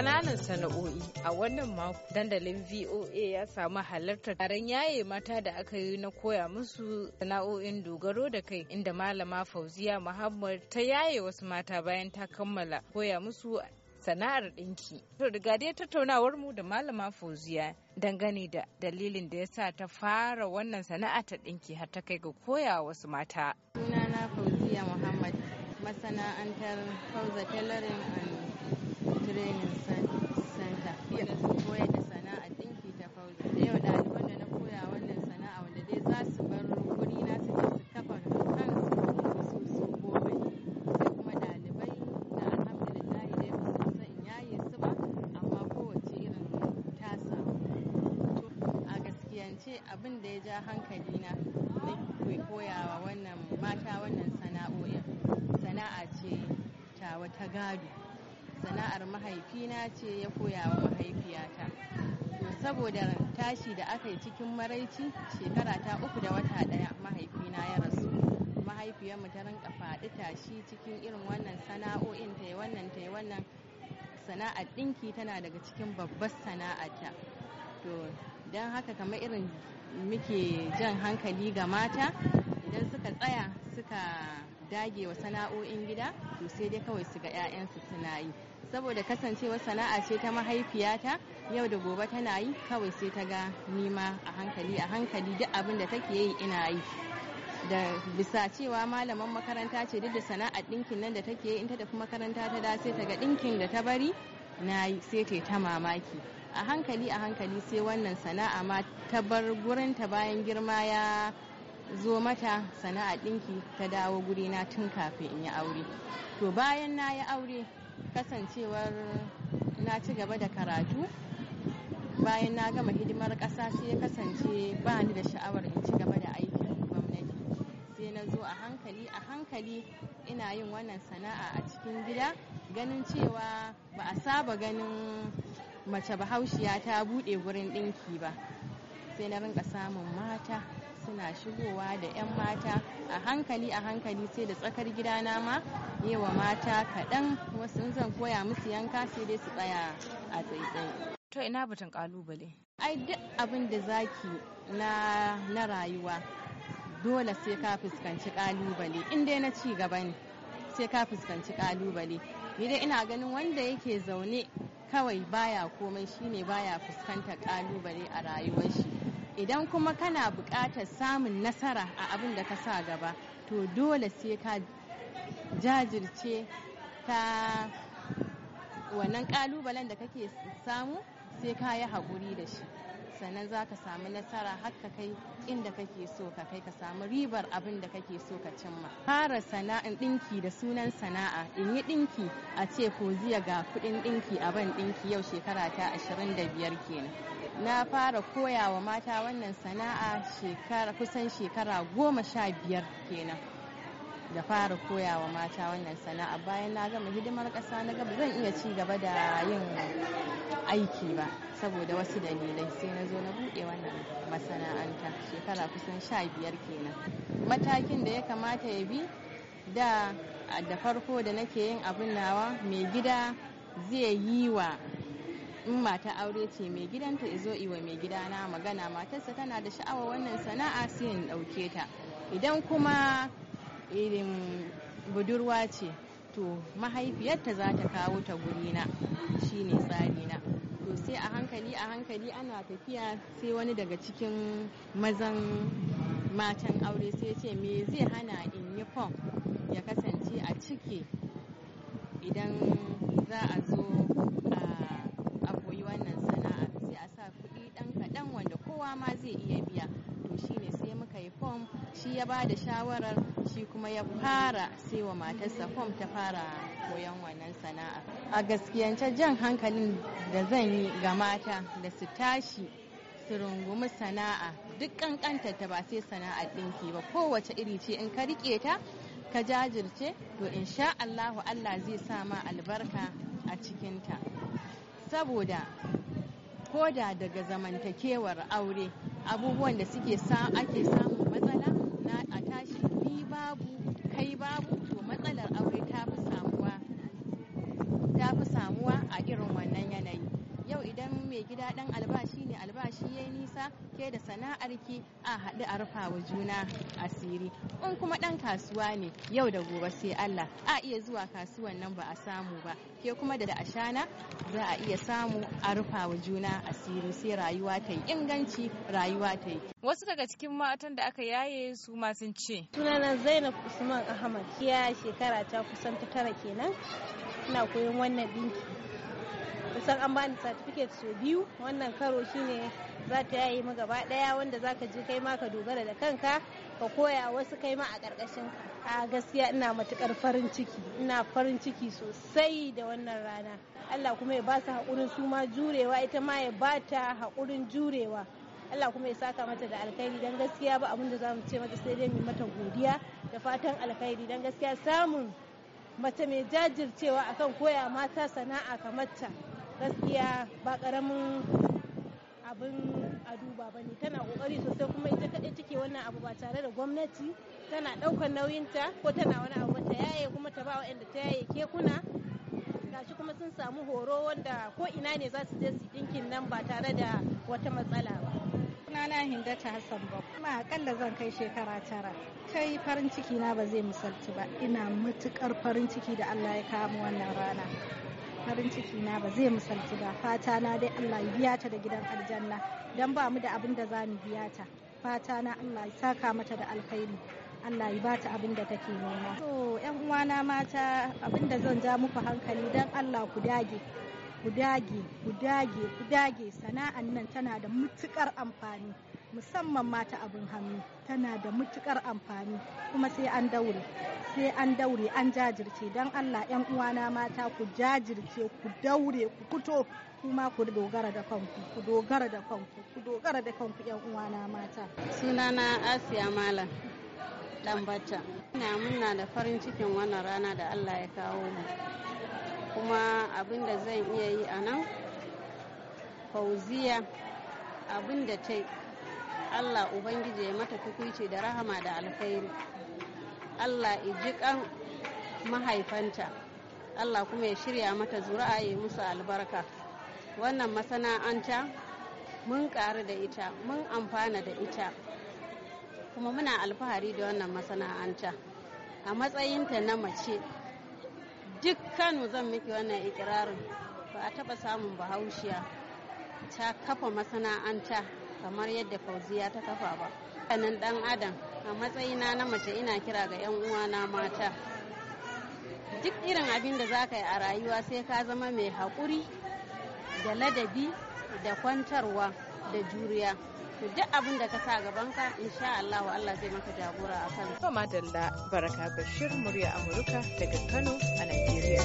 ƙananan sana'o'i a wannan mako dandalin voa ya samu halartar taron yaye mata da aka yi na koya musu sana'o'in dogaro da kai inda malama fauziya muhammad ta yaye wasu mata bayan ta kammala koya musu sana'ar ɗinki. To riga dai tattaunawar mu da malama Fauziya dangane da dalilin da ya sa ta fara wannan sana'a ta ɗinki har ta kai ga koya wasu mata. Sunana Fauziya Muhammad masana'antar Fauza Tailoring and training center da koyar da sana'a dinki ta fauzi da yau ɗaliban da na koya wannan sana'a wanda dai za su bar wuri na su je su kafa kansu su su komai sai kuma ɗalibai da alhamdulillah dai ba su san in yaye su ba amma kowace irin ta samu a gaskiyance abin da ya ja hankali na ke koyawa wannan mata wannan sana'o'in sana'a ce ta wata gado sana'ar mahaifina ce ya koya wa mahaifiyata saboda tashi da aka yi cikin maraici shekara ta uku da wata daya mahaifina ya rasu mahaifiyarmu ta rinka faɗi tashi cikin irin wannan sana'o'in ta yi wannan ta yi wannan sana'ar ɗinki tana daga cikin babbar ta to don haka kamar irin muke jan hankali ga mata idan suka tsaya suka dage wa sana'o'in gida to sai dai kawai su ga 'ya'yansu suna yi saboda kasancewa sana'a ce ta mahaifiyata yau da gobe tana yi kawai sai ta ga nima a hankali a hankali duk abin da take yi ina yi da bisa cewa malaman makaranta ce duk da sana'ar ɗinkin nan da take yi in ta tafi makaranta ta da sai ta ga ɗinkin da ta bari na yi sai ta ta mamaki a hankali a hankali sai wannan sana'a ma ta bar gurinta bayan girma ya zo mata sana'a ɗinki ta dawo gurina tun kafin in yi aure to bayan na yi aure kasancewar na ci gaba da karatu bayan na gama hidimar ƙasa sai ya kasance ba ni da sha'awar in ci gaba da aikin gwamnati sai na zo a hankali a hankali ina yin wannan sana'a a cikin gida ganin cewa ba a saba ganin mace bahaushiya ta buɗe wurin ɗinki ba sai na rinka samun mata suna shigowa da 'yan mata a hankali a hankali sai da tsakar gida na ma wa mata kaɗan wasu zan koya musu yanka sai dai su tsaya a tsaitsaye. To ina batun kalubale? Ai duk abin da zaki na, na rayuwa dole sai ka fuskanci ƙalubale in dai na ci gaba ne sai ka fuskanci ƙalubale Ni dai ina ganin wanda yake zaune kawai baya komai shine baya fuskantar ƙalubale a rayuwar shi. idan kuma kana buƙatar samun nasara a abin da ka sa gaba to dole sai ka jajirce ta wannan ƙalubalen da kake samu sai ka yi haƙuri da shi sannan za ka samu nasara har ka kai inda kake so ka kai ka samu ribar abin da kake so ka cimma fara sana'an ɗinki da sunan sana'a in yi ɗinki a ce ko ziya ga kuɗin ɗinki a ban ɗinki yau shekara ta biyar kenan na fara koya wa mata wannan sana'a shekara kusan shekara goma sha biyar kenan da fara koya wa mata wannan sana'a bayan na gama hidimar ƙasa na gaba zan iya ci gaba da yin aiki ba saboda wasu dalilai sai na zo na buɗe wannan masana'anta shekara kusan sha biyar kenan matakin da ya kamata ya bi da da farko da nake yin abin nawa mai gida zai yi wa in mata aure ce mai gidanta izo iwa mai na, magana matarsa tana da sha'awa wannan sana'a sai in ɗauke ta idan kuma irin budurwa ce to mahaifiyarta za ta kawo ta gurina shine na? to sai a hankali a hankali ana tafiya sai wani daga cikin mazan matan aure sai ce me zai hana in yi fom ya kasance a ciki idan za a zo kowa ma zai iya biya to shine sai muka yi fom shi ya ba da shawarar shi kuma ya fara sai wa matarsa fom ta fara koyon wannan sana'a a gaskiyance jan hankalin da zan yi ga mata da su tashi su rungumi sana'a duk kankanta ta ba sai sana'a ɗinki ba kowace iri ce in ka rike ta ka jajirce to insha Allahu Allah zai sa ma albarka a cikinta saboda koda daga zamantakewar aure abubuwan da suke ake samun matsala na a tashi ni babu shi ya nisa ke da sana'ar ki a haɗu a rufa wa juna asiri in kuma ɗan kasuwa ne yau da gobe sai Allah a iya zuwa kasuwan nan ba a samu ba ke kuma da ashana za a iya samu a rufa wa juna asiri sai rayuwa ta yi inganci rayuwa ta yi wasu daga cikin matan da aka yaye su ma sun ce sunana Zainab Usman Ahmad ya shekara ta kusan ta tara kenan ina koyon wannan dinki kusan an bani certificate sau biyu wannan karo shine za ta yayi mu gaba daya wanda za ka je kai ma ka dogara da kanka ka koya wasu kai ma a karkashin a gaskiya ina matukar farin ciki ina farin ciki sosai da wannan rana Allah kuma ya ba su haƙurin su ma jurewa ita ma ya ba ta haƙurin jurewa Allah kuma ya saka mata da alkhairi dan gaskiya ba abin da za mu ce mata sai dai mu mata godiya da fatan alkhairi dan gaskiya samun mace mai jajircewa akan koya mata sana'a kamar ta gaskiya ba karamin abin a duba ba ne tana kokari sosai kuma ita kaɗai take wannan abu ba tare da gwamnati tana ɗaukar nauyinta ko tana wani abu ta yaye kuma ta ba wa'anda ta yaye kekuna gashi kuma sun samu horo wanda ko ina ne za su je su ɗinkin nan ba tare da wata matsala ba. Sunana Hindata Hassan Bob. Kuma akalla zan kai shekara tara. Kai farin ciki na ba zai misalci ba. Ina matuƙar farin ciki da Allah ya kawo wannan rana. farin ciki na ba zai misalci ba fata na dai Allah ya biya ta da gidan aljanna dan ba mu da abin da za mu biya ta fata na Allah ya saka mata da alkhairi Allah ya bata abin da take nema. To ƴan uwana mata abin da zan ja muku hankali dan Allah ku dage. Ku dage, ku dage, ku dage sana'an nan tana da mutukar amfani. musamman mata abin hannu tana da matukar amfani kuma sai an daure sai an daure an jajirce don allah yan uwana mata ku jajirce ku daure ku fito kuma ku dogara da kanku ku dogara da kanku ku dogara da kanku yan uwana mata sunana asiya malam dambata ina muna da farin cikin wannan rana da allah ya kawo mu kuma abin da zan iya yi a nan fauziya abin da ta Allah Ubangiji ya mata tukuici da rahama da alkhairi Allah ijikan mahaifanta Allah kuma ya shirya mata zuri'a ya musu albarka wannan masana'anta mun ƙaru da ita mun amfana da ita kuma muna alfahari da wannan masana'anta a matsayinta na mace duk zan miki wannan ikirarin ba a taɓa samun bahaushiya ta kafa masana'anta kamar yadda fauziya ta kafa ba kanin dan adam a matsayina na mace ina kira ga 'yan uwana mata duk irin abin da za ka yi a rayuwa sai ka zama mai haƙuri da ladabi da kwantarwa da juriya to duk abin da ka sa gabanka insha Allah Allah zai maka jagora a kan. Mama Dalla Baraka Bashir murya Amurka daga Kano a nigeria.